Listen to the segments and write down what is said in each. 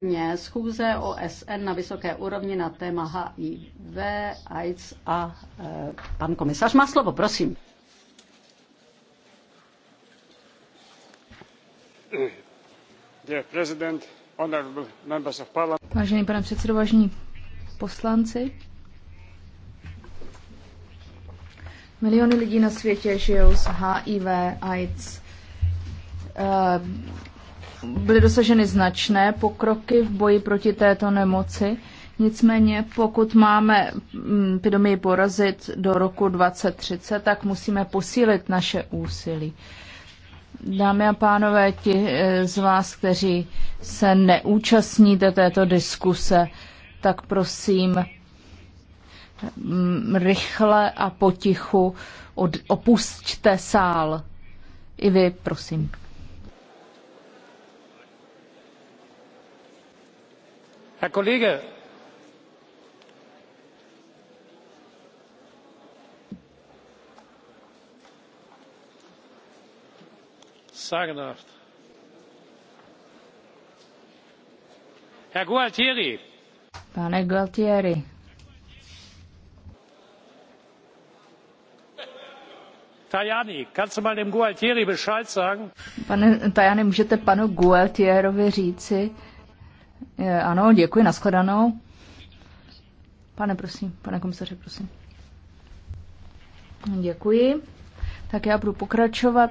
mě schůze OSN na vysoké úrovni na téma HIV, AIDS a e, pan komisař má slovo, prosím. Vážený pane předsedo, vážení poslanci, miliony lidí na světě žijou s HIV, AIDS, e, byly dosaženy značné pokroky v boji proti této nemoci. Nicméně, pokud máme mm, epidemii porazit do roku 2030, tak musíme posílit naše úsilí. Dámy a pánové, ti eh, z vás, kteří se neúčastníte této diskuse, tak prosím mm, rychle a potichu opustte sál. I vy, prosím. herr kollege sagenhaft herr gualtieri pane gualtieri tajani kannst du mal dem gualtieri bescheid sagen? pane tajani můžete panu gualtierovi říci ano, děkuji, nashledanou. Pane, prosím, pane komisaře prosím. Děkuji. Tak já budu pokračovat.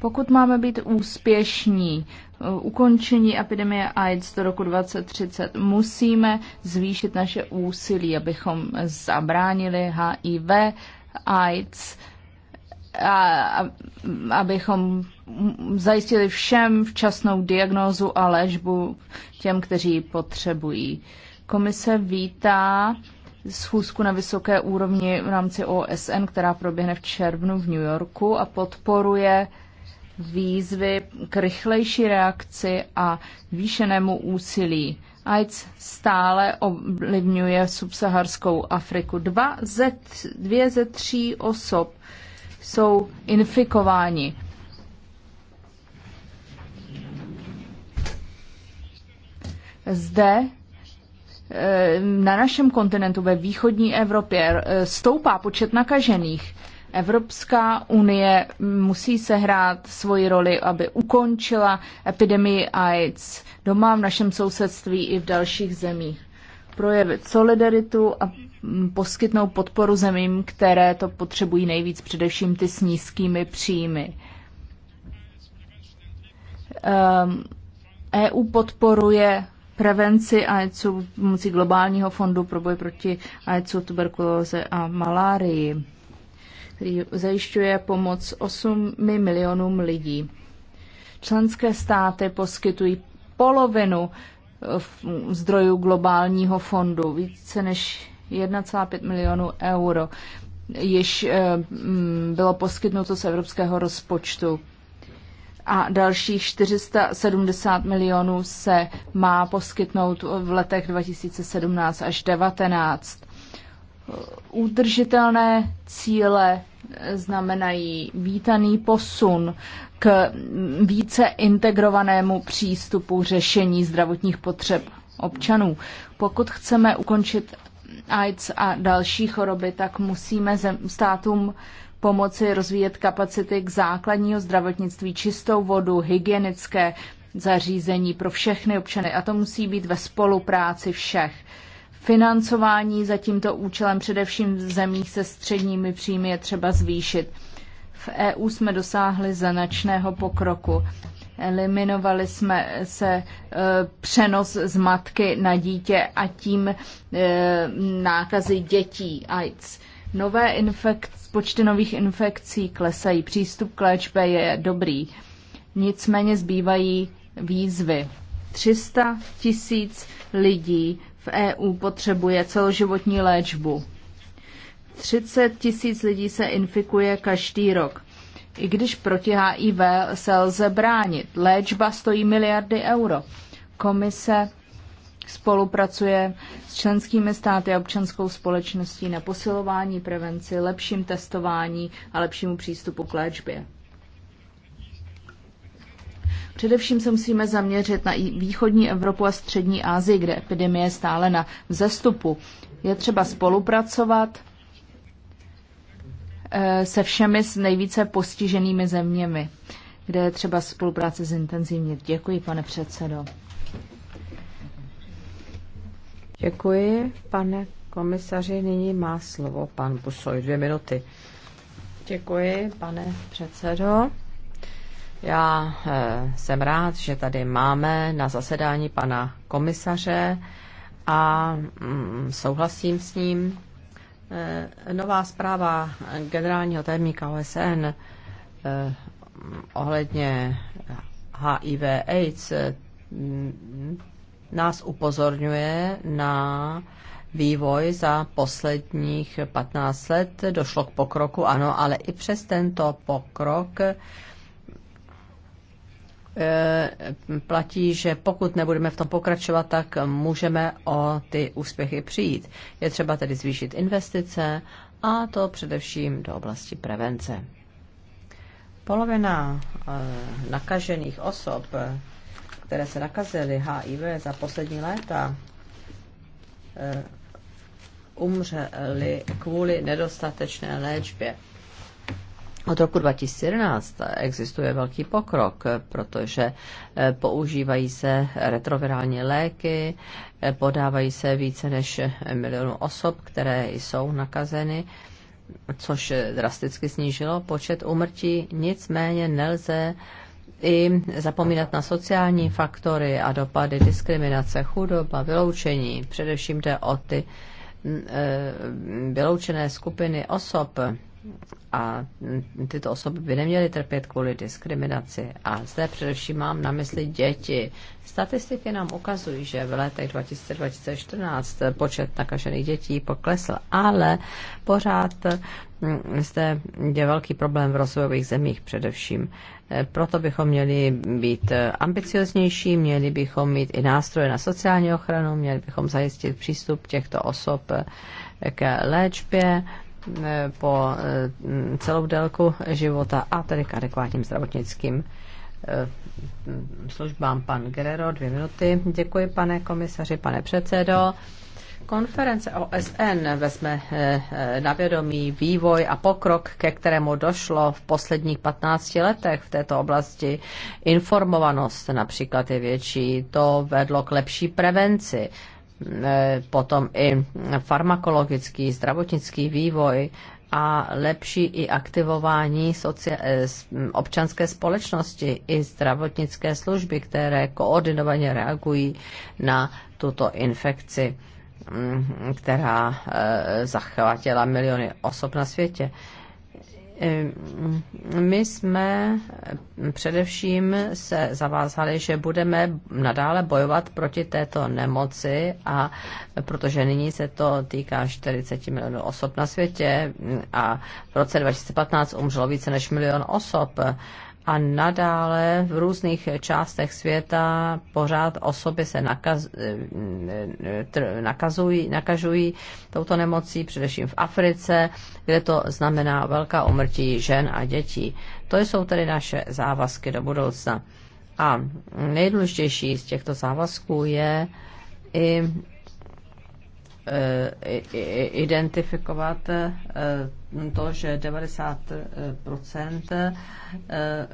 Pokud máme být úspěšní ukončení epidemie AIDS do roku 2030, musíme zvýšit naše úsilí, abychom zabránili HIV, AIDS, a, abychom zajistili všem včasnou diagnózu a léčbu těm, kteří ji potřebují. Komise vítá schůzku na vysoké úrovni v rámci OSN, která proběhne v červnu v New Yorku a podporuje výzvy k rychlejší reakci a výšenému úsilí. AIDS stále ovlivňuje subsaharskou Afriku. Dva ze, dvě ze tří osob jsou infikováni. Zde eh, na našem kontinentu ve východní Evropě eh, stoupá počet nakažených. Evropská unie musí sehrát svoji roli, aby ukončila epidemii AIDS doma v našem sousedství i v dalších zemích projevit solidaritu a poskytnou podporu zemím, které to potřebují nejvíc, především ty s nízkými příjmy. EU ehm, e podporuje prevenci AIDSu pomocí globálního fondu pro boj proti AIDSu, tuberkulóze a malárii, který zajišťuje pomoc 8 milionům lidí. Členské státy poskytují polovinu zdrojů globálního fondu, více než 1,5 milionů euro již eh, mm, bylo poskytnuto z evropského rozpočtu a dalších 470 milionů se má poskytnout v letech 2017 až 2019. Udržitelné cíle eh, znamenají vítaný posun k více integrovanému přístupu řešení zdravotních potřeb občanů. Pokud chceme ukončit AIDS a další choroby, tak musíme státům pomoci rozvíjet kapacity k základního zdravotnictví, čistou vodu, hygienické zařízení pro všechny občany. A to musí být ve spolupráci všech. Financování za tímto účelem především v zemích se středními příjmy je třeba zvýšit. V EU jsme dosáhli značného pokroku. Eliminovali jsme se e, přenos z matky na dítě a tím e, nákazy dětí AIDS. Nové infekce, počty nových infekcí klesají, přístup k léčbě je dobrý. Nicméně zbývají výzvy. 300 tisíc lidí v EU potřebuje celoživotní léčbu. 30 tisíc lidí se infikuje každý rok. I když proti HIV se lze bránit. Léčba stojí miliardy euro. Komise spolupracuje s členskými státy a občanskou společností na posilování prevenci, lepším testování a lepšímu přístupu k léčbě. Především se musíme zaměřit na východní Evropu a střední Asii, kde epidemie je stále na vzestupu. Je třeba spolupracovat Eh, se všemi s nejvíce postiženými zeměmi, kde je třeba spolupráce zintenzivnit. Děkuji, pane předsedo. Děkuji, pane komisaři. Nyní má slovo pan Busoj. Dvě minuty. Děkuji, pane předsedo. Já eh, jsem rád, že tady máme na zasedání pana komisaře a mm, souhlasím s ním Eh, nová zpráva generálního tajemníka OSN eh, ohledně HIV AIDS eh, nás upozorňuje na vývoj za posledních 15 let. Došlo k pokroku, ano, ale i přes tento pokrok Eh, platí, že pokud nebudeme v tom pokračovat, tak můžeme o ty úspěchy přijít. Je třeba tedy zvýšit investice a to především do oblasti prevence. Polovina eh, nakažených osob, které se nakazily HIV za poslední léta, eh, umřeli kvůli nedostatečné léčbě. Od roku 2017 existuje velký pokrok, protože eh, používají se retrovirální léky, eh, podávají se více než milionu osob, které jsou nakazeny, což drasticky snížilo počet úmrtí. Nicméně nelze i zapomínat na sociální faktory a dopady diskriminace, chudoba, vyloučení. Především jde o ty eh, vyloučené skupiny osob, a tyto osoby by neměly trpět kvůli diskriminaci. A zde především mám na mysli děti. Statistiky nám ukazují, že v letech 2014 počet nakažených dětí poklesl, ale pořád mm, zde je velký problém v rozvojových zemích především. Proto bychom měli být ambicioznější, měli bychom mít i nástroje na sociální ochranu, měli bychom zajistit přístup těchto osob k léčbě Eh, po eh, celou délku života a tedy k adekvátním zdravotnickým eh, službám. Pan Guerrero, dvě minuty. Děkuji, pane komisaři, pane předsedo. Konference OSN vezme na vědomí vývoj a pokrok, ke kterému došlo v posledních 15 letech v této oblasti. Informovanost například je větší, to vedlo k lepší prevenci E, potom i farmakologický, zdravotnický vývoj a lepší i aktivování e, občanské společnosti i zdravotnické služby, které koordinovaně reagují na tuto infekci, která e, zachvátila miliony osob na světě. Ehm, my jsme především se zavázali, že budeme nadále bojovat proti této nemoci a protože nyní se to týká 40 milionů osob na světě a v roce 2015 umřelo více než milion osob a nadále v různých částech světa pořád osoby se nakaz, nakazují, nakažují touto nemocí, především v Africe, kde to znamená velká umrtí žen a dětí. To jsou tedy naše závazky do budoucna. A nejdůležitější z těchto závazků je i Eh, identifikovat eh, to, že 90% eh,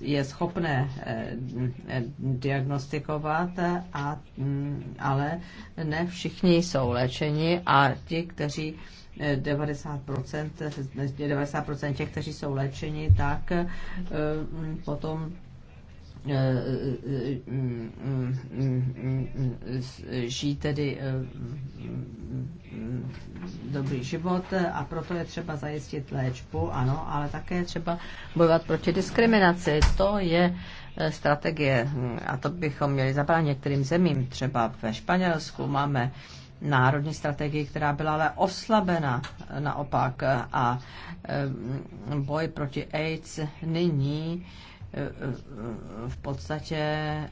je schopné diagnostikovat, a, mm, ale ne všichni jsou léčeni a ti, kteří 90%, 90% těch, kteří jsou léčeni, tak potom žijí tedy eh, dobrý život eh, a proto je třeba zajistit léčbu, ano, ale také třeba bojovat proti diskriminaci. To je eh, strategie a to bychom měli zabránit některým zemím. Třeba ve Španělsku máme národní strategii, která byla ale oslabena naopak a boj proti AIDS nyní v podstatě eh,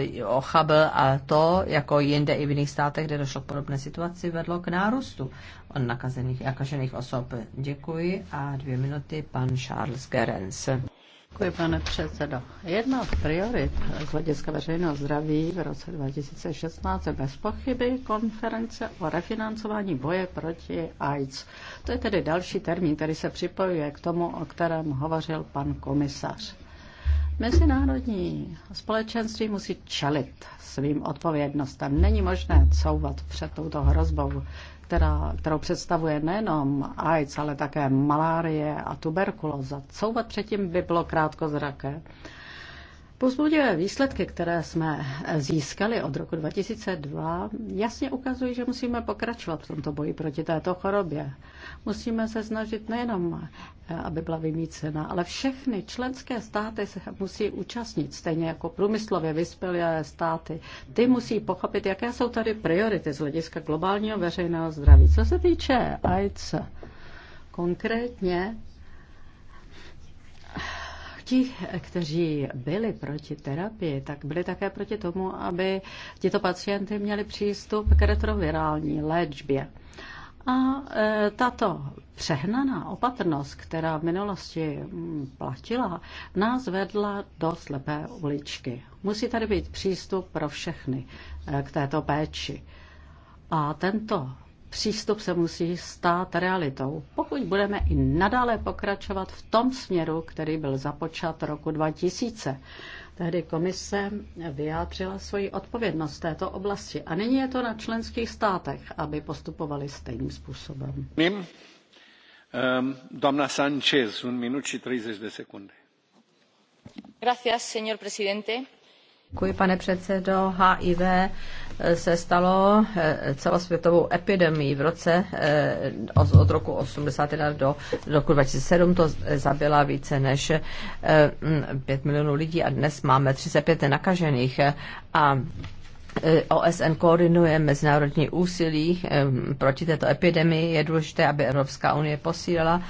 eh, ochabl a to, jako jinde i v jiných státech, kde došlo k podobné situaci, vedlo k nárůstu nakažených osob. Děkuji a dvě minuty pan Charles Gerens. Děkuji, pane předsedo. Jedna z priorit z hlediska veřejného zdraví v roce 2016 je bez pochyby konference o refinancování boje proti AIDS. To je tedy další termín, který se připojuje k tomu, o kterém hovořil pan komisař. Mezinárodní společenství musí čelit svým odpovědnostem. Není možné couvat před touto hrozbou která, kterou představuje nejenom AIDS, ale také malárie a tuberkulóza. Couvat předtím by bylo krátkozraké. Pozbudivé výsledky, které jsme získali od roku 2002, jasně ukazují, že musíme pokračovat v tomto boji proti této chorobě. Musíme se snažit nejenom, aby byla vymícena, ale všechny členské státy se musí účastnit, stejně jako průmyslově vyspělé státy. Ty musí pochopit, jaké jsou tady priority z hlediska globálního veřejného zdraví. Co se týče AIDS, konkrétně Ti, kteří byli proti terapii, tak byli také proti tomu, aby tito pacienty měli přístup k retrovirální léčbě. A e, tato přehnaná opatrnost, která v minulosti mm, platila, nás vedla do slepé uličky. Musí tady být přístup pro všechny e, k této péči. A tento přístup se musí stát realitou, pokud budeme i nadále pokračovat v tom směru, který byl započat roku 2000. Tehdy komise vyjádřila svoji odpovědnost této oblasti a nyní je to na členských státech, aby postupovali stejným způsobem. Mím. Ehm, Domna Sanchez, un minut či 30 de sekundy. Gracias, señor presidente. Děkuji, pane předsedo. HIV se stalo eh, celosvětovou epidemii v roce eh, od roku 81 do roku 2007. To zabila více než 5 eh, milionů lidí a dnes máme 35 nakažených a OSN koordinuje mezinárodní úsilí proti této epidemii. Je důležité, aby Evropská unie posílala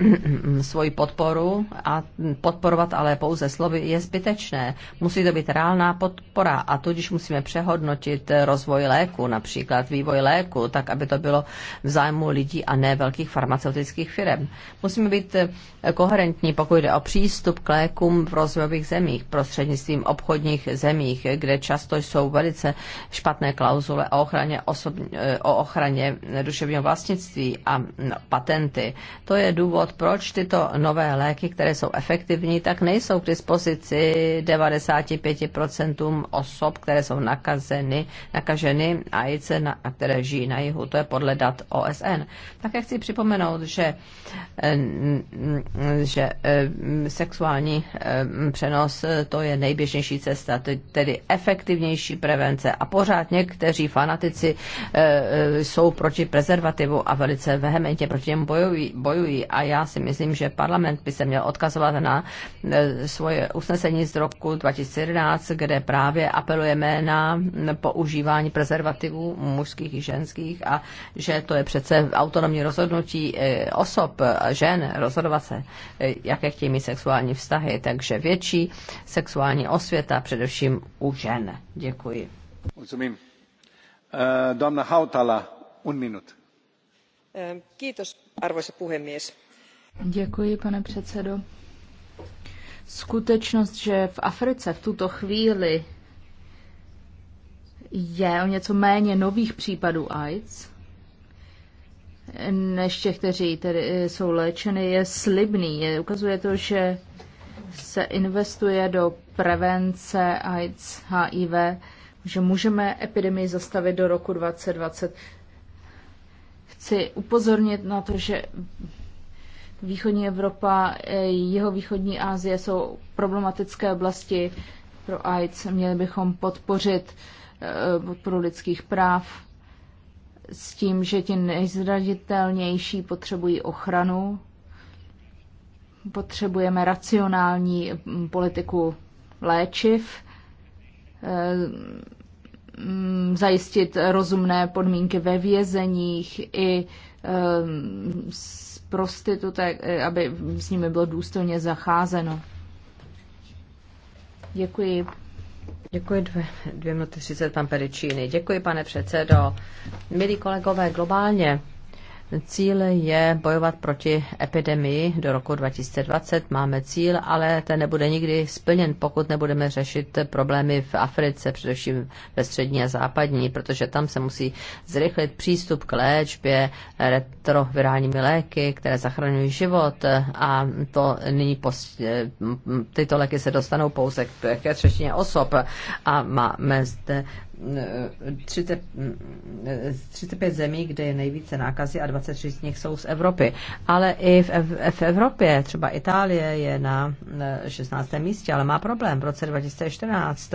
svoji podporu a podporovat ale pouze slovy je zbytečné. Musí to být reálná podpora a tudíž musíme přehodnotit rozvoj léku, například vývoj léku, tak, aby to bylo v zájmu lidí a ne velkých farmaceutických firm. Musíme být eh, koherentní, pokud jde o přístup k lékům v rozvojových zemích prostřednictvím obchodních zemích, kde často jsou velice velice špatné klauzule o ochraně, osobní, eh, o ochraně duševního vlastnictví a no, patenty. To je důvod, proč tyto nové léky, které jsou efektivní, tak nejsou k dispozici 95% osob, které jsou nakazeny, nakaženy a které žijí na jihu. To je podle dat OSN. Také chci připomenout, že, eh, že eh, sexuální přenos to je nejběžnější cesta, tedy efektivnější prevence konference a pořád někteří fanatici eh, eh, jsou proti prezervativu a velice vehementně proti němu bojují, bojují. A já si myslím, že parlament by se měl odkazovat na eh, svoje usnesení z roku 2011, kde právě apelujeme na používání prezervativů mužských i ženských a že to je přece autonomní rozhodnutí osob, žen rozhodovat se, jaké chtějí mít sexuální vztahy. Takže větší sexuální osvěta, především u žen. Děkuji. Eh, eh, arvoisa puhemies. Děkuji, pane předsedo. Skutečnost, že v Africe v tuto chvíli je o něco méně nových případů AIDS, než těch, kteří tedy eh, jsou léčeny, je slibný. ukazuje to, že se investuje do prevence AIDS, HIV, že můžeme epidemii zastavit do roku 2020. Chci upozornit na to, že východní Evropa, jeho východní Asie jsou problematické oblasti pro AIDS. Měli bychom podpořit eh, podporu lidských práv s tím, že ti nejzraditelnější potřebují ochranu. Potřebujeme racionální mm, politiku léčiv Eh, zajistit rozumné podmínky ve vězeních i eh, s prostitutek, eh, aby s nimi bylo důstojně zacházeno. Děkuji. Děkuji dvě, dvě minuty 30, pan Pericíny. Děkuji, pane předsedo. Milí kolegové, globálně Cíl je bojovat proti epidemii do roku 2020. Máme cíl, ale ten nebude nikdy splněn, pokud nebudeme řešit problémy v Africe, především ve střední a západní, protože tam se musí zrychlit přístup k léčbě retrovirálními léky, které zachraňují život a to nyní post... Eh, tyto léky se dostanou pouze ke třetině osob a máme zde 30, 35 zemí, kde je nejvíce nákazy a 23 z nich jsou z Evropy. Ale i v, v Evropě, třeba Itálie je na 16. místě, ale má problém. V roce 2014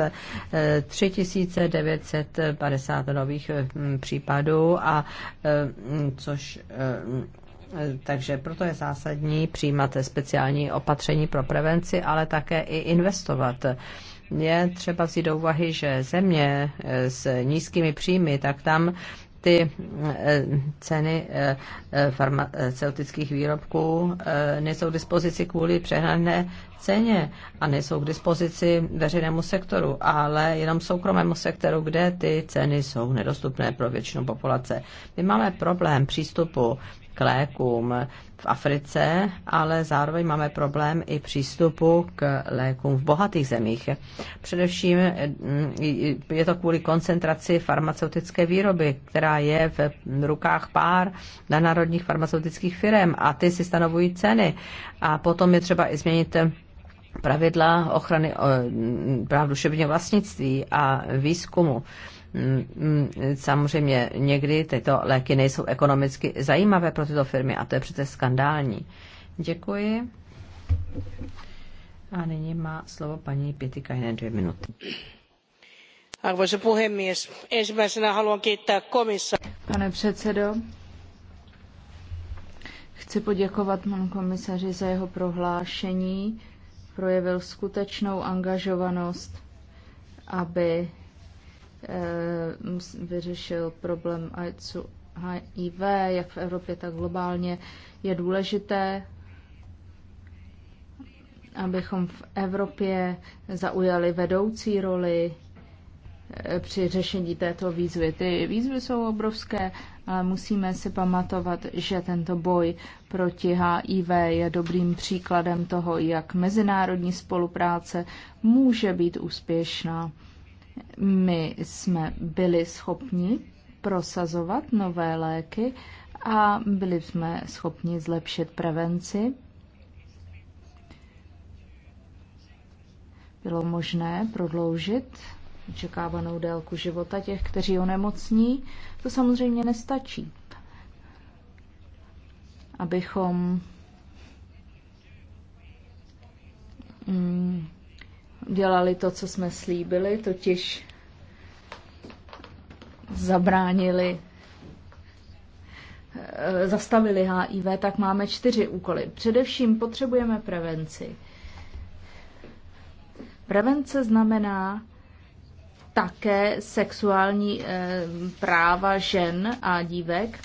3950 eh, nových eh, případů, a eh, což takže proto je zásadní přijímat speciální opatření pro prevenci, ale také i investovat je třeba vzít do úvahy, že země eh, s nízkými příjmy, tak tam ty eh, ceny eh, farmaceutických výrobků nejsou k dispozici kvůli přehnané ceně a nejsou k dispozici veřejnému sektoru, ale jenom soukromému sektoru, kde ty ceny jsou nedostupné pro většinu populace. My máme problém přístupu k lékům v Africe, ale zároveň máme problém i přístupu k lékům v bohatých zemích. Především mm, je to kvůli koncentraci farmaceutické výroby, která je v rukách pár na národních farmaceutických firm a ty si stanovují ceny. A potom je třeba i změnit pravidla ochrany eh, práv duševního vlastnictví a výzkumu. Mm, mm, samozřejmě někdy tyto léky nejsou ekonomicky zajímavé pro tyto firmy a to je přece skandální. Děkuji. A nyní má slovo paní Pietikainen dvě minuty. Arvoisa puhemies, ensimmäisenä haluan kiittää komissa. Pane předsedo, chci poděkovat panu komisaři za jeho prohlášení. Projevil skutečnou angažovanost, aby Eh, vyřešil problém AIDS HIV, jak v Evropě, tak globálně, je důležité, abychom v Evropě zaujali vedoucí roli eh, při řešení této výzvy. Ty výzvy jsou obrovské, ale musíme si pamatovat, že tento boj proti HIV je dobrým příkladem toho, jak mezinárodní spolupráce může být úspěšná. My jsme byli schopni prosazovat nové léky a byli jsme schopni zlepšit prevenci. Bylo možné prodloužit očekávanou délku života těch, kteří onemocní. To samozřejmě nestačí. Abychom mm, dělali to, co jsme slíbili, totiž zabránili, eh, zastavili HIV, tak máme čtyři úkoly. Především potřebujeme prevenci. Prevence znamená také sexuální eh, práva žen a dívek.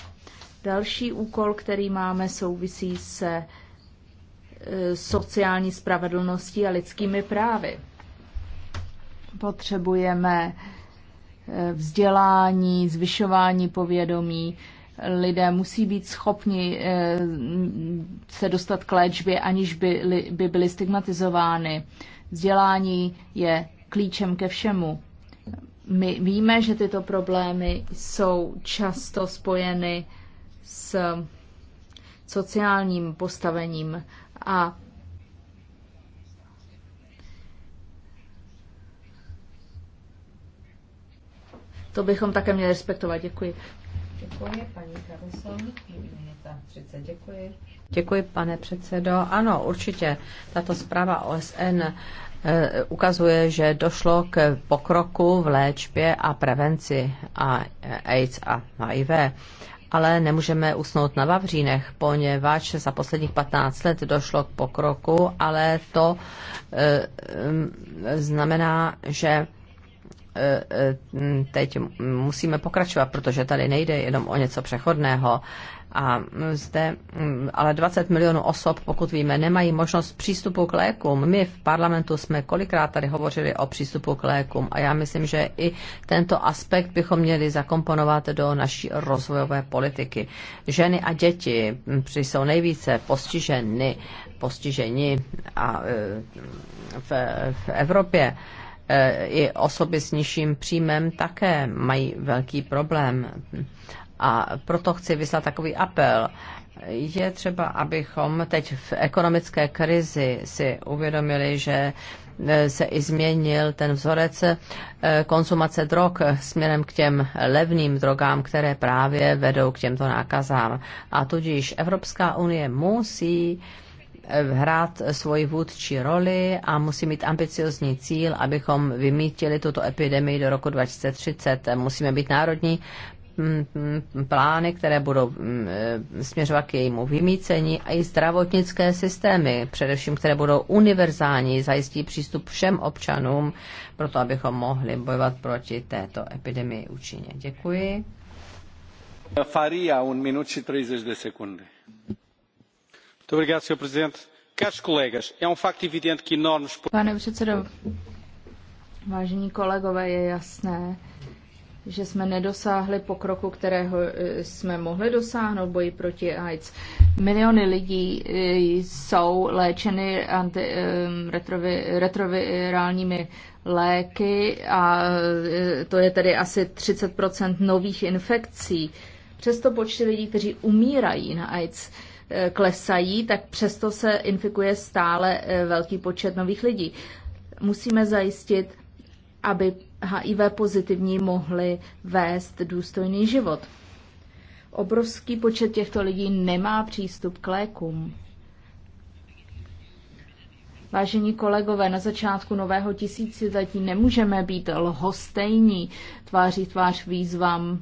Další úkol, který máme, souvisí se eh, sociální spravedlností a lidskými právy. Potřebujeme eh, vzdělání, zvyšování povědomí. Lidé musí být schopni eh, se dostat k léčbě, aniž by, by byli stigmatizovány. Vzdělání je klíčem ke všemu. My víme, že tyto problémy jsou často spojeny s sociálním postavením a To bychom také měli respektovat. Děkuji. Děkuji, paní Karlson. Děkuji. Děkuji, pane předsedo. Ano, určitě. Tato zpráva OSN eh, ukazuje, že došlo k pokroku v léčbě a prevenci a eh, AIDS a HIV ale nemůžeme usnout na Vavřínech, poněvadž za posledních 15 let došlo k pokroku, ale to e, e, znamená, že teď musíme pokračovat, protože tady nejde jenom o něco přechodného. A zde ale 20 milionů osob, pokud víme, nemají možnost přístupu k lékům. My v parlamentu jsme kolikrát tady hovořili o přístupu k lékům a já myslím, že i tento aspekt bychom měli zakomponovat do naší rozvojové politiky. Ženy a děti jsou nejvíce postiženy, postiženi a e, v, v Evropě. Eh, i osoby s nižším příjmem také mají velký problém. A proto chci vyslat takový apel. Je třeba, abychom teď v ekonomické krizi si uvědomili, že eh, se i změnil ten vzorec eh, konzumace drog směrem k těm levným drogám, které právě vedou k těmto nákazám. A tudíž Evropská unie musí hrát svoji vůdčí roli a musí mít ambiciozní cíl, abychom vymítili tuto epidemii do roku 2030. Musíme být národní mm, mm, plány, které budou mm, e, směřovat k jejímu vymícení a i zdravotnické systémy, především které budou univerzální, zajistí přístup všem občanům, proto abychom mohli bojovat proti této epidemii účinně. Děkuji. Faria, un minut și 30 de secunde. Um Pane předsedající. kolegové, je jasné, že jsme nedosáhli pokroku, kterého eh, jsme mohli dosáhnout boji proti AIDS. Miliony lidí eh, jsou léčeny antiretrovirálními eh, léky a to je tedy asi 30 nových infekcí. Přesto počty lidí, kteří umírají na AIDS, Eh, klesají, tak přesto se infikuje stále eh, velký počet nových lidí. Musíme zajistit, aby HIV pozitivní mohli vést důstojný život. Obrovský počet těchto lidí nemá přístup k lékům. Vážení kolegové, na začátku nového tisíciletí nemůžeme být lhostejní tváří tvář výzvám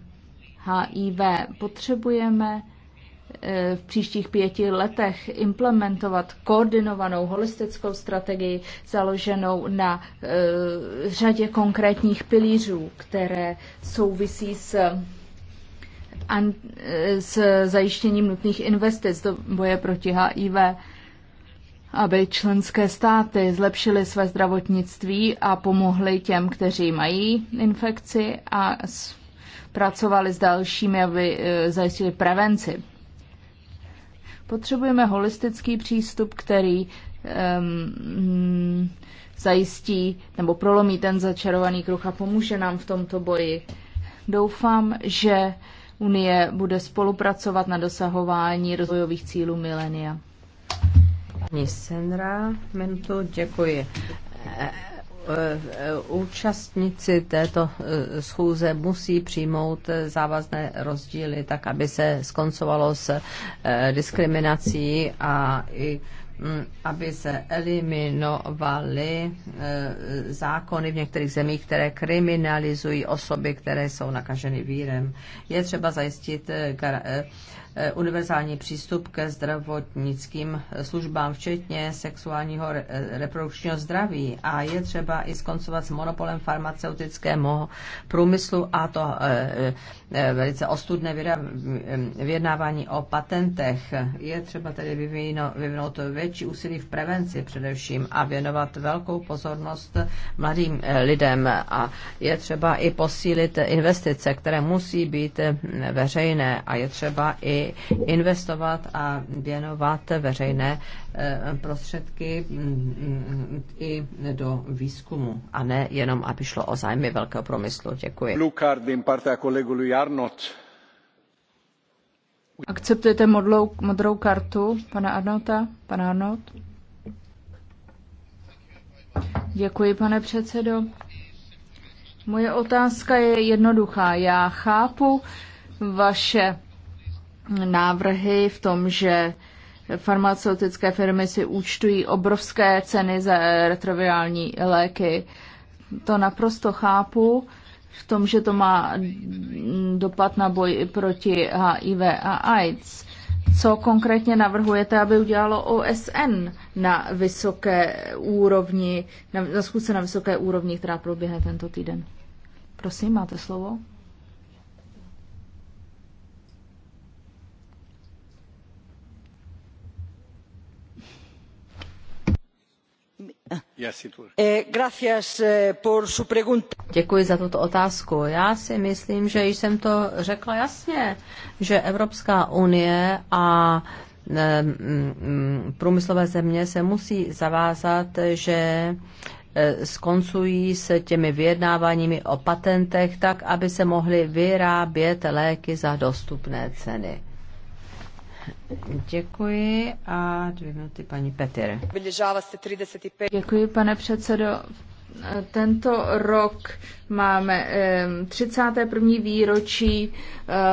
HIV. Potřebujeme Eh, v příštích pěti letech implementovat koordinovanou holistickou strategii založenou na eh, řadě konkrétních pilířů, které souvisí s eh, s zajištěním nutných investic do boje proti HIV, aby členské státy zlepšily své zdravotnictví a pomohly těm, kteří mají infekci a pracovali s dalšími, aby zajistili prevenci. Potřebujeme holistický přístup, který um, zajistí nebo prolomí ten začarovaný kruh a pomůže nám v tomto boji. Doufám, že Unie bude spolupracovat na dosahování rozvojových cílů milenia. Paní Senra, děkuji. Eh, účastníci této eh, schůze musí přijmout eh, závazné rozdíly, tak aby se skoncovalo s diskriminací a i Mm, aby se eliminovaly eh, zákony v některých zemích, které kriminalizují osoby, které jsou nakaženy vírem. Je třeba zajistit eh, eh, univerzální přístup ke zdravotnickým službám, včetně sexuálního reprodukčního zdraví. A je třeba i skoncovat s monopolem farmaceutického průmyslu a to velice ostudné mm, vyjednávání o patentech. Je třeba tedy vyvinout, větší větší úsilí v prevenci především a věnovat velkou pozornost mladým eh, lidem. A je třeba i posílit investice, které musí být eh, veřejné a je třeba i investovat a věnovat veřejné eh, prostředky mm, mm, i do výzkumu a ne jenom, aby šlo o zájmy velkého průmyslu. Děkuji. Blue card din Arnott. Akceptujete modlou, modrou kartu pana Arnota? Pana Arnot? Děkuji, pane předsedo. Moje otázka je jednoduchá. Já chápu vaše návrhy v tom, že farmaceutické firmy si účtují obrovské ceny za retrovirální léky. To naprosto chápu v tom, že to má dopad na boj proti HIV a AIDS. Co konkrétně navrhujete, aby udělalo OSN na vysoké úrovni, na, na schůzce na vysoké úrovni, která proběhne tento týden? Prosím, máte slovo. Eh, eh, Děkuji za tuto otázku. Já si myslím, že jsem to řekla jasně, že Evropská unie a eh, mm, průmyslové země se musí zavázat, že skoncují s těmi vyjednáváními o patentech tak, aby se mohly vyrábět léky za dostupné ceny. Děkuji a dvě minuty paní Petr. Děkuji, pane předsedo. Tento rok máme 31. výročí e,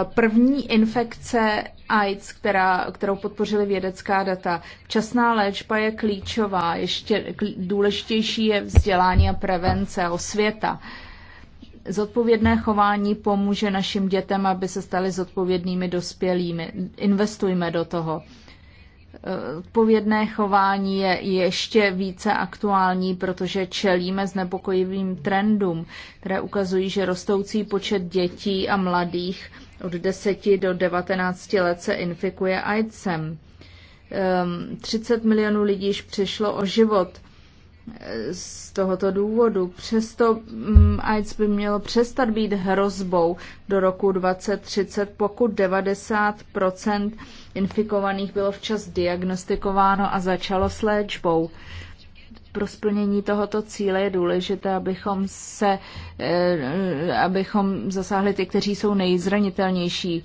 první infekce AIDS, která, kterou podpořili vědecká data. Časná léčba je klíčová, ještě důležitější je vzdělání a prevence osvěta. světa Zodpovědné chování pomůže našim dětem, aby se staly zodpovědnými dospělými. Investujme do toho. Odpovědné chování je ještě více aktuální, protože čelíme znepokojivým trendům, které ukazují, že rostoucí počet dětí a mladých od 10 do 19 let se infikuje AIDSem. 30 ehm, milionů lidí již přišlo o život z tohoto důvodu. Přesto mm, AIDS by mělo přestat být hrozbou do roku 2030, pokud 90 infikovaných bylo včas diagnostikováno a začalo s léčbou pro splnění tohoto cíle je důležité, abychom se, eh, abychom zasáhli ty, kteří jsou nejzranitelnější.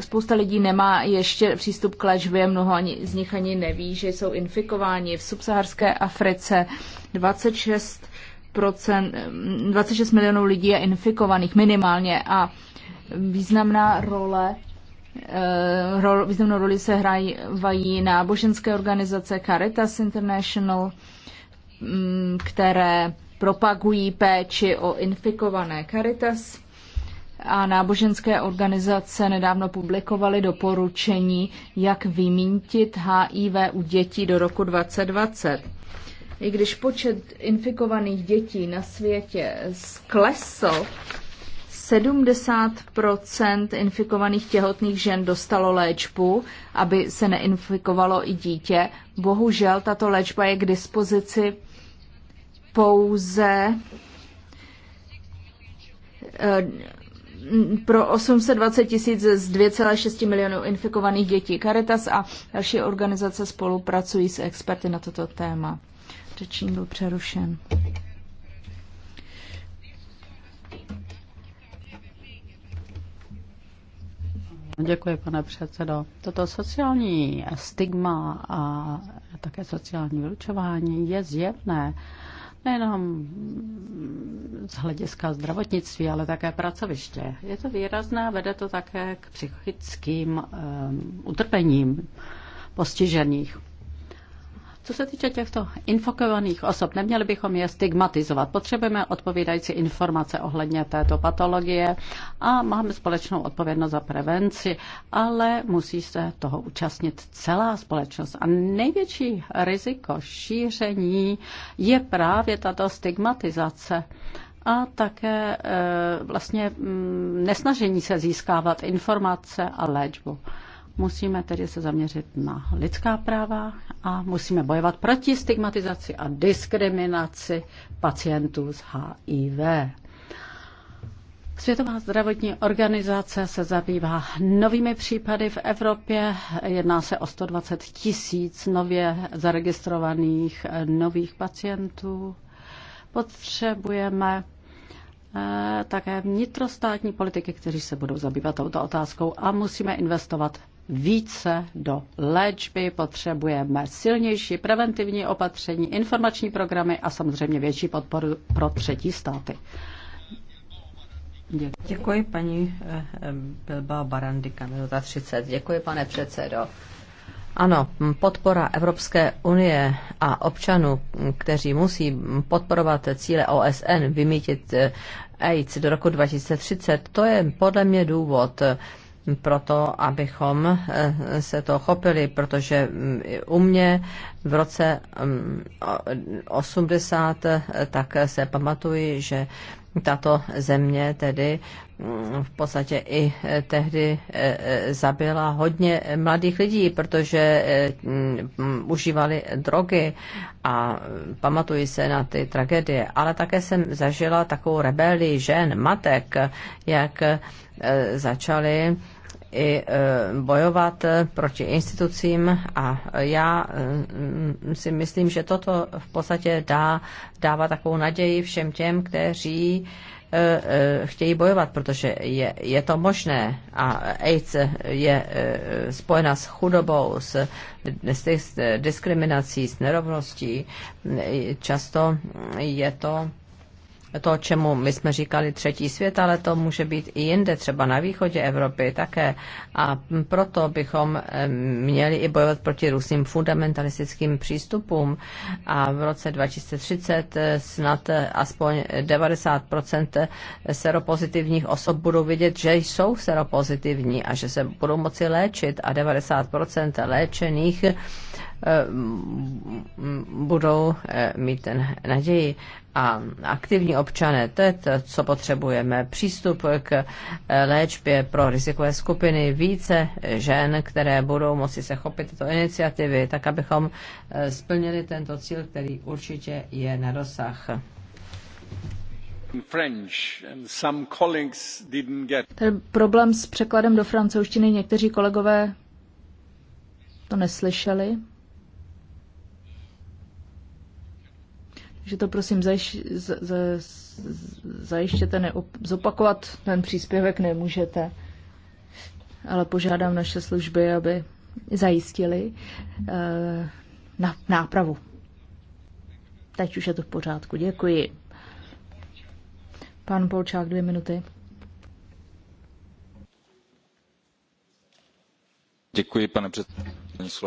Spousta lidí nemá ještě přístup k léčbě, mnoho ani z nich ani neví, že jsou infikováni. V subsaharské Africe 26 26 mm, milionů lidí je infikovaných minimálně a významná role eh, rol, významnou roli se hrají náboženské organizace Caritas International, Mm, které propagují péči o infikované Caritas a náboženské organizace nedávno publikovaly doporučení, jak vymítit HIV u dětí do roku 2020. I když počet infikovaných dětí na světě sklesl, 70 infikovaných těhotných žen dostalo léčbu, aby se neinfikovalo i dítě. Bohužel tato léčba je k dispozici pouze eh, pro 820 tisíc z 2,6 milionů infikovaných dětí. Caritas a další organizace spolupracují s experty na toto téma. Řečník byl přerušen. Děkuji, pane předsedo. Toto sociální stigma a také sociální vylučování je zjevné nejenom z hlediska zdravotnictví, ale také pracoviště. Je to výrazné, vede to také k psychickým um, utrpením postižených. Co se týče těchto infokovaných osob, neměli bychom je stigmatizovat. Potřebujeme odpovídající informace ohledně této patologie a máme společnou odpovědnost za prevenci, ale musí se toho účastnit celá společnost. A největší riziko šíření je právě tato stigmatizace a také eh, vlastně mm, nesnažení se získávat informace a léčbu. Musíme tedy se zaměřit na lidská práva a musíme bojovat proti stigmatizaci a diskriminaci pacientů s HIV. Světová zdravotní organizace se zabývá novými případy v Evropě. Jedná se o 120 tisíc nově zaregistrovaných eh, nových pacientů. Potřebujeme eh, také vnitrostátní politiky, kteří se budou zabývat touto otázkou a musíme investovat více do léčby, potřebujeme silnější preventivní opatření, informační programy a samozřejmě větší podporu pro třetí státy. Děkuji, Děkuji paní eh, Bilbao Barandika, minuta 30. Děkuji, pane předsedo. Ano, podpora Evropské unie a občanů, kteří musí podporovat cíle OSN, vymítit eh, AIDS do roku 2030, to je podle mě důvod, proto, abychom eh, se to chopili, protože mm, u mě v roce 80 mm, eh, tak se pamatuji, že tato země tedy mm, v podstatě i eh, tehdy zabila hodně mladých lidí, protože užívali drogy a pamatuji se na ty tragédie. Ale také jsem zažila takovou rebelii žen, matek, jak Eh, začali i eh, bojovat eh, proti institucím a já mm, si myslím, že toto v podstatě dá, dává takovou naději všem těm, kteří chtějí bojovat, protože je, je to možné a AIDS je spojena s chudobou, s, s diskriminací, s nerovností. Často je to to, čemu my jsme říkali třetí svět, ale to může být i jinde, třeba na východě Evropy také. A proto bychom eh, měli i bojovat proti různým fundamentalistickým přístupům. A v roce 2030 eh, snad eh, aspoň 90 seropozitivních osob budou vidět, že jsou seropozitivní a že se budou moci léčit a 90 léčených Eh, budou eh, mít ten naději. A aktivní občané, to je to, co potřebujeme. Přístup k eh, léčbě pro rizikové skupiny, více žen, které budou moci se chopit této iniciativy, tak abychom splnili tento cíl, který určitě je na dosah. Ten problém s překladem do francouzštiny, někteří kolegové to neslyšeli. Takže to prosím zajiš, z, z, zajištěte, neop, zopakovat ten příspěvek nemůžete, ale požádám naše služby, aby zajistili uh, na, nápravu. Teď už je to v pořádku. Děkuji. Pan Polčák, dvě minuty. Děkuji, pane předsedající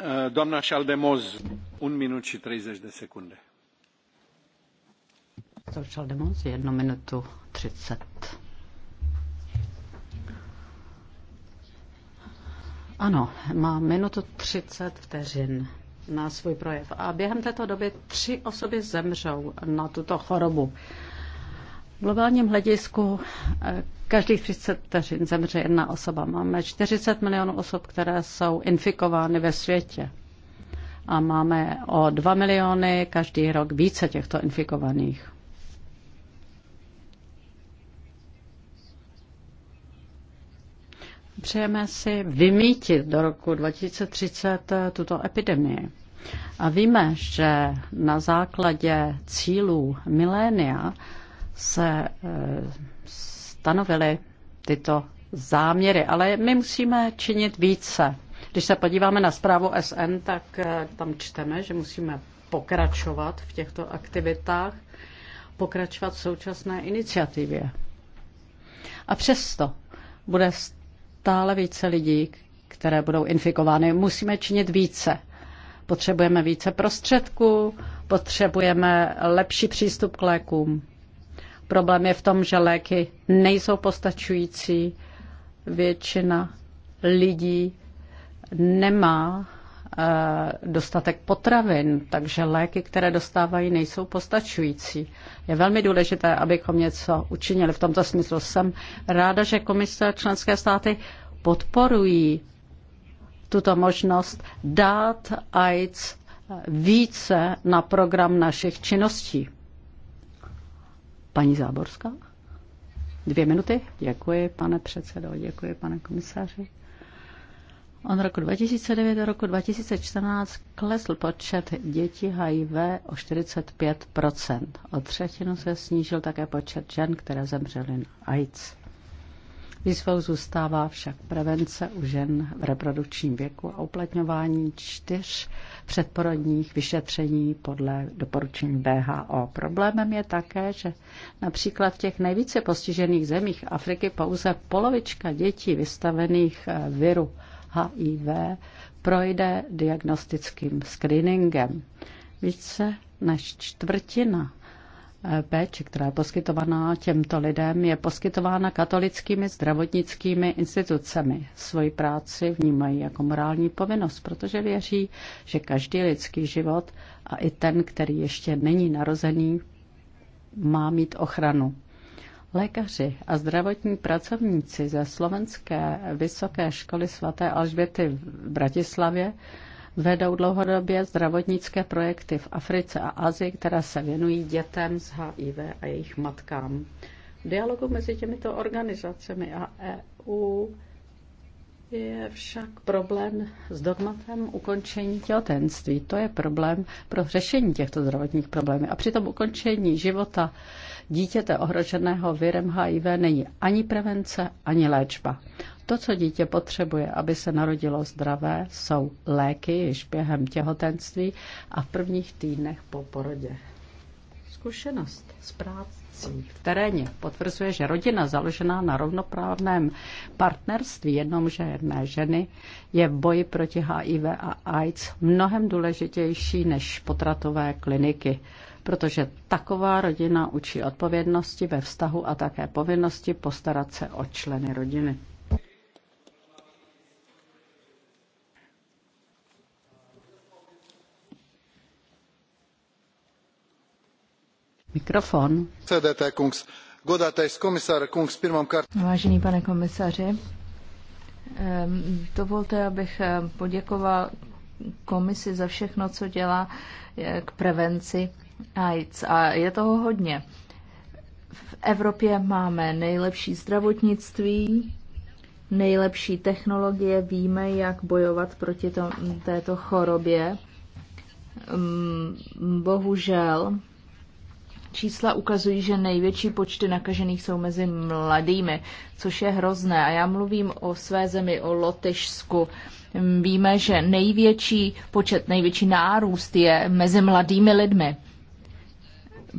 30 eh, 30. Ano, má minutu 30 vteřin na svůj projev. A během této doby tři osoby zemřou na tuto chorobu. V globálním hledisku eh, každých 30 vteřin zemře jedna osoba. Máme 40 milionů osob, které jsou infikovány ve světě. A máme o 2 miliony každý rok více těchto infikovaných. Přejeme si vymítit do roku 2030 eh, tuto epidemii. A víme, že na základě cílů milénia se eh, stanovily tyto záměry, ale my musíme činit více. Když se podíváme na zprávu SN, tak eh, tam čteme, že musíme pokračovat v těchto aktivitách, pokračovat v současné iniciativě. A přesto bude stále více lidí, které budou infikovány. Musíme činit více. Potřebujeme více prostředků, potřebujeme lepší přístup k lékům. Problém je v tom, že léky nejsou postačující. Většina lidí nemá eh, dostatek potravin, takže léky, které dostávají, nejsou postačující. Je velmi důležité, abychom něco učinili v tomto smyslu. Jsem ráda, že komise a členské státy podporují tuto možnost dát AIDS více na program našich činností. Paní Záborská? Dvě minuty? Děkuji, pane předsedo, děkuji, pane komisaři. Od roku 2009 do roku 2014 klesl počet dětí HIV o 45 O třetinu se snížil také počet žen, které zemřely na AIDS. Výzvou zůstává však prevence u žen v reprodukčním věku a uplatňování čtyř předporodních vyšetření podle doporučení BHO. Problémem je také, že například v těch nejvíce postižených zemích Afriky pouze polovička dětí vystavených eh, viru HIV projde diagnostickým screeningem. Více než čtvrtina péče, která je poskytovaná těmto lidem, je poskytována katolickými zdravotnickými institucemi. Svoji práci vnímají jako morální povinnost, protože věří, že každý lidský život a i ten, který ještě není narozený, má mít ochranu. Lékaři a zdravotní pracovníci ze Slovenské vysoké školy svaté Alžběty v Bratislavě vedou dlouhodobě zdravotnické projekty v Africe a Asii, které se věnují dětem z HIV a jejich matkám. V dialogu mezi těmito organizacemi a EU je však problém s dogmatem ukončení těhotenství. To je problém pro řešení těchto zdravotních problémů. A přitom ukončení života dítěte ohroženého virem HIV není ani prevence, ani léčba. To, co dítě potřebuje, aby se narodilo zdravé, jsou léky již během těhotenství a v prvních týdnech po porodě. Zkušenost s prácí v teréně potvrzuje, že rodina založená na rovnoprávném partnerství jednom že jedné ženy je v boji proti HIV a AIDS mnohem důležitější než potratové kliniky protože taková rodina učí odpovědnosti ve vztahu a také povinnosti postarat se o členy rodiny. Vážený pane komisaři, ehm, dovolte, abych ehm, poděkoval komisi za všechno, co dělá eh, k prevenci AIDS. A je toho hodně. V Evropě máme nejlepší zdravotnictví, nejlepší technologie, víme, jak bojovat proti to, této chorobě. Ehm, bohužel Čísla ukazují, že největší počty nakažených jsou mezi mladými, což je hrozné. A já mluvím o své zemi, o Lotyšsku. Víme, že největší počet, největší nárůst je mezi mladými lidmi,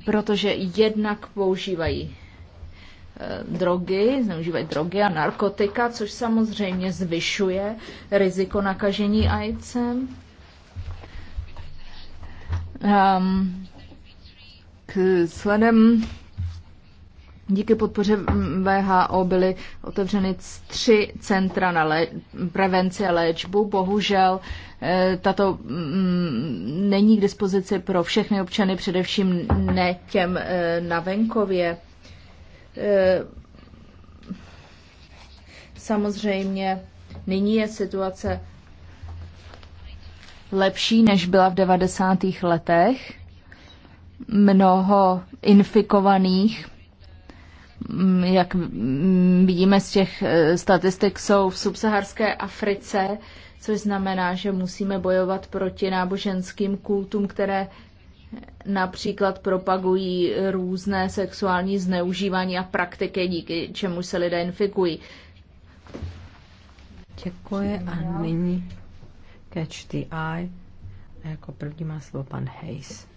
protože jednak používají eh, drogy, zneužívají drogy a narkotika, což samozřejmě zvyšuje riziko nakažení AIDSem. Ehm, um, Sledem eh, díky podpoře VHO byly otevřeny tři centra na lé, prevenci a léčbu. Bohužel eh, tato mm, není k dispozici pro všechny občany, především ne těm eh, na venkově. Samozřejmě nyní je situace lepší, než byla v 90. letech mnoho infikovaných. Mm, Jak vidíme z těch eh, statistik, jsou v subsaharské Africe, což znamená, že musíme bojovat proti náboženským kultům, které eh, například propagují různé sexuální zneužívání a praktiky, díky čemu se lidé infikují. Děkuji a nyní catch the eye. A jako první má slovo pan Hayes.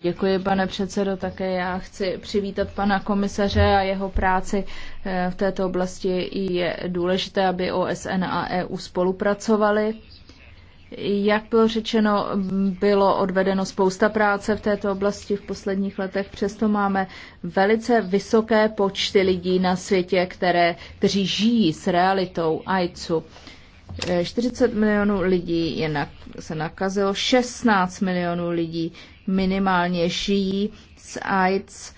Děkuji, pane předsedo. Také já chci přivítat pana komisaře a jeho práci uh, v této oblasti. Je důležité, aby OSN a EU spolupracovali. Jak bylo řečeno, bylo odvedeno spousta práce v této oblasti v posledních letech, přesto máme velice vysoké počty lidí na světě, které, kteří žijí s realitou AIDSu 40 milionů lidí je na, se nakazilo, 16 milionů lidí minimálně žijí s AIDS.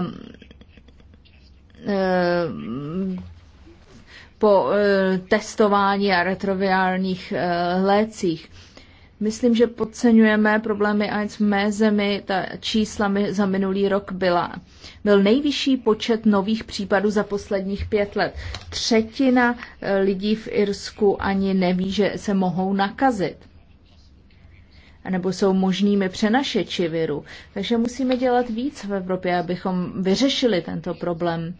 Um, um, po uh, testování a retroviálních uh, eh, lécích. Myslím, že podceňujeme problémy AIDS v mé zemi. Ta čísla mi za minulý rok byla byl nejvyšší počet nových případů za posledních pět let. Třetina eh, lidí v Irsku ani neví, že se mohou nakazit nebo jsou možnými přenašeči viru. Takže musíme dělat víc v Evropě, abychom vyřešili tento problém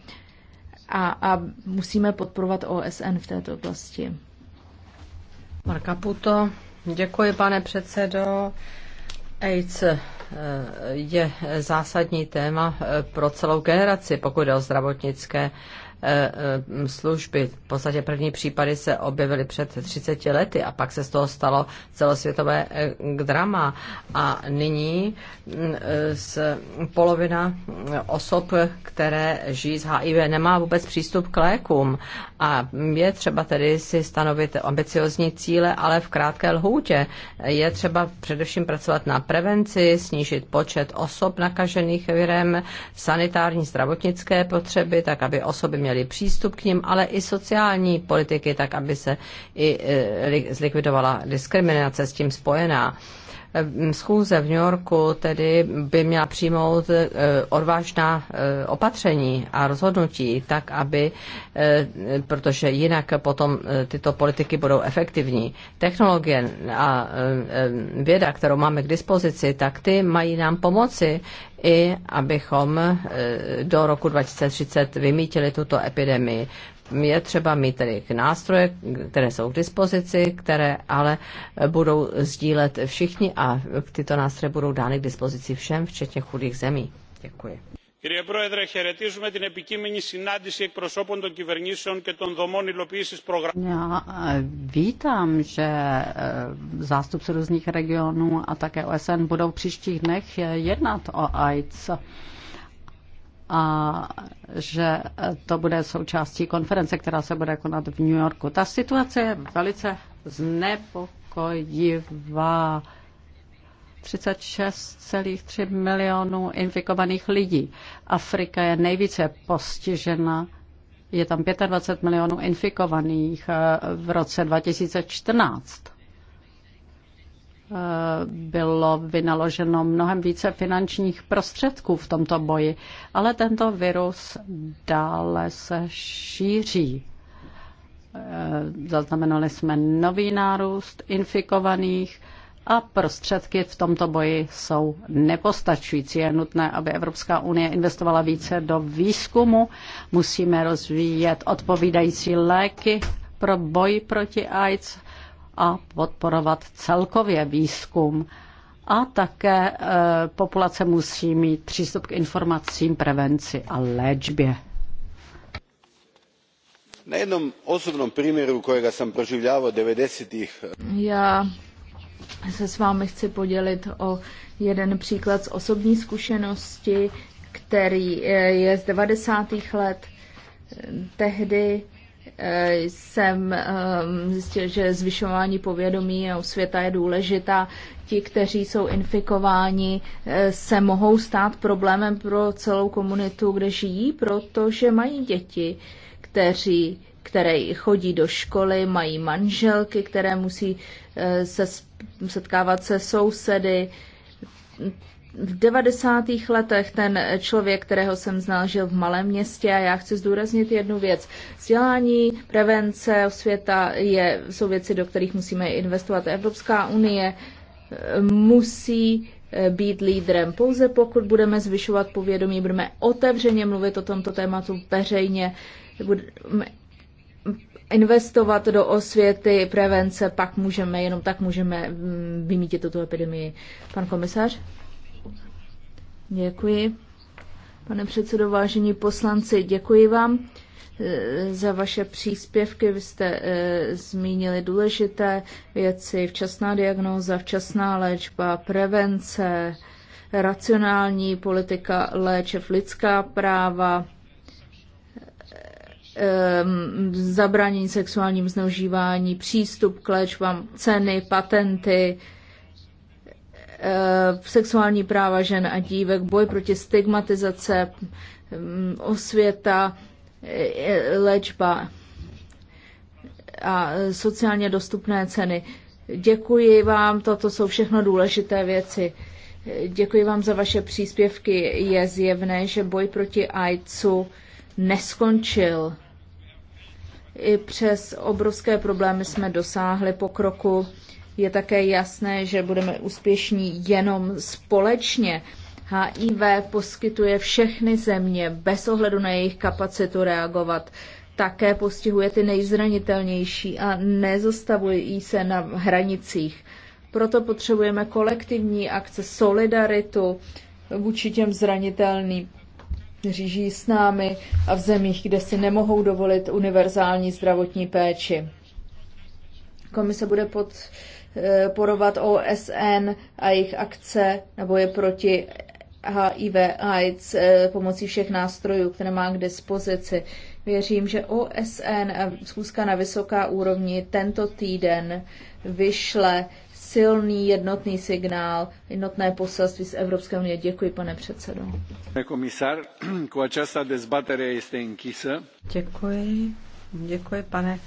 a, a musíme podporovat OSN v této oblasti. Marka Puto, děkuji pane předsedo. AIDS je zásadní téma pro celou generaci, pokud jde o zdravotnické Eh, eh, služby. V podstatě první případy se objevily před 30 lety a pak se z toho stalo celosvětové eh, drama. A nyní z mm, polovina osob, které žijí s HIV, nemá vůbec přístup k lékům. A je třeba tedy si stanovit ambiciozní cíle, ale v krátké lhůtě. Je třeba především pracovat na prevenci, snížit počet osob nakažených virem, sanitární zdravotnické potřeby, tak aby osoby měly měli přístup k ním, ale i sociální politiky, tak aby se i e, zlikvidovala diskriminace s tím spojená. Ehm, schůze v New Yorku tedy by měla přijmout e, odvážná e, opatření a rozhodnutí, tak aby, e, protože jinak potom tyto politiky budou efektivní. Technologie a věda, kterou máme k dispozici, tak ty mají nám pomoci i abychom do roku 2030 vymítili tuto epidemii je třeba mít tedy nástroje, které jsou k dispozici, které ale budou sdílet všichni a tyto nástroje budou dány k dispozici všem, včetně chudých zemí. Děkuji. Κύριε Πρόεδρε, χαιρετίζουμε την επικείμενη συνάντηση εκπροσώπων των κυβερνήσεων και των δομών υλοποίηση προγράμματο. Eh, vítám, že eh, zástupci různých regionů a také OSN budou v příštích dnech eh, jednat o AIDS a že to bude součástí konference, která se bude konat v New Yorku. Ta situace je velice znepokojivá. 36,3 milionů infikovaných lidí. Afrika je nejvíce postižena. Je tam 25 milionů infikovaných eh, v roce 2014. Eh, bylo vynaloženo mnohem více finančních prostředků v tomto boji, ale tento virus dále se šíří. Eh, zaznamenali jsme nový nárůst infikovaných a prostředky v tomto boji jsou nepostačující. Je nutné, aby Evropská unie investovala více do výzkumu. Musíme rozvíjet odpovídající léky pro boj proti AIDS a podporovat celkově výzkum. A také e, populace musí mít přístup k informacím, prevenci a léčbě. Na jednom osobnom primjeru kojega sam proživljavao 90-ih... Já se s vámi chci podělit o jeden příklad z osobní zkušenosti, který e, je z 90. let. E, tehdy jsem ehm, zjistil, že zvyšování povědomí a světa je důležitá. Ti, kteří jsou infikováni, eh, se mohou stát problémem pro celou komunitu, kde žijí, protože mají děti, kteří které chodí do školy, mají manželky, které musí eh, se setkávat se sousedy v 90. letech ten člověk, kterého jsem znal, žil v malém městě a já chci zdůraznit jednu věc. Vzdělání, prevence, osvěta je, jsou věci, do kterých musíme investovat. Evropská unie eh, musí eh, být lídrem. Pouze pokud budeme zvyšovat povědomí, budeme otevřeně mluvit o tomto tématu veřejně, budeme investovat do osvěty, prevence, pak můžeme, jenom tak můžeme mm, vymítit tuto epidemii. Pan komisař? Děkuji. Pane předsedo, vážení poslanci, děkuji vám eh, za vaše příspěvky. Vy jste eh, zmínili důležité věci, včasná diagnóza, včasná léčba, prevence, racionální politika léčev, lidská práva, zabránění ehm, zabranění sexuálním zneužívání, přístup k léčbám, ceny, patenty, Eh, sexuální práva žen a dívek, boj proti stigmatizace, mm, osvěta, eh, léčba a sociálně dostupné ceny. Děkuji vám, toto jsou všechno důležité věci. Děkuji vám za vaše příspěvky. Je zjevné, že boj proti AIDSu neskončil. I přes obrovské problémy jsme dosáhli pokroku. Je také jasné, že budeme úspěšní jenom společně. HIV poskytuje všechny země bez ohledu na jejich kapacitu reagovat. Také postihuje ty nejzranitelnější a nezostavují se na hranicích. Proto potřebujeme kolektivní akce, solidaritu vůči těm zranitelným, kteří žijí s námi a v zemích, kde si nemohou dovolit univerzální zdravotní péči. Komise bude pod Eh, porovat OSN a jejich akce na boje proti HIV AIDS eh, pomocí všech nástrojů, které má k dispozici. Věřím, že OSN a zkuska na vysoká úrovni tento týden vyšle silný jednotný signál, jednotné poselství z Evropské unie. Děkuji, pane předsedo. Komisar, Děkuji. Děkuji, pane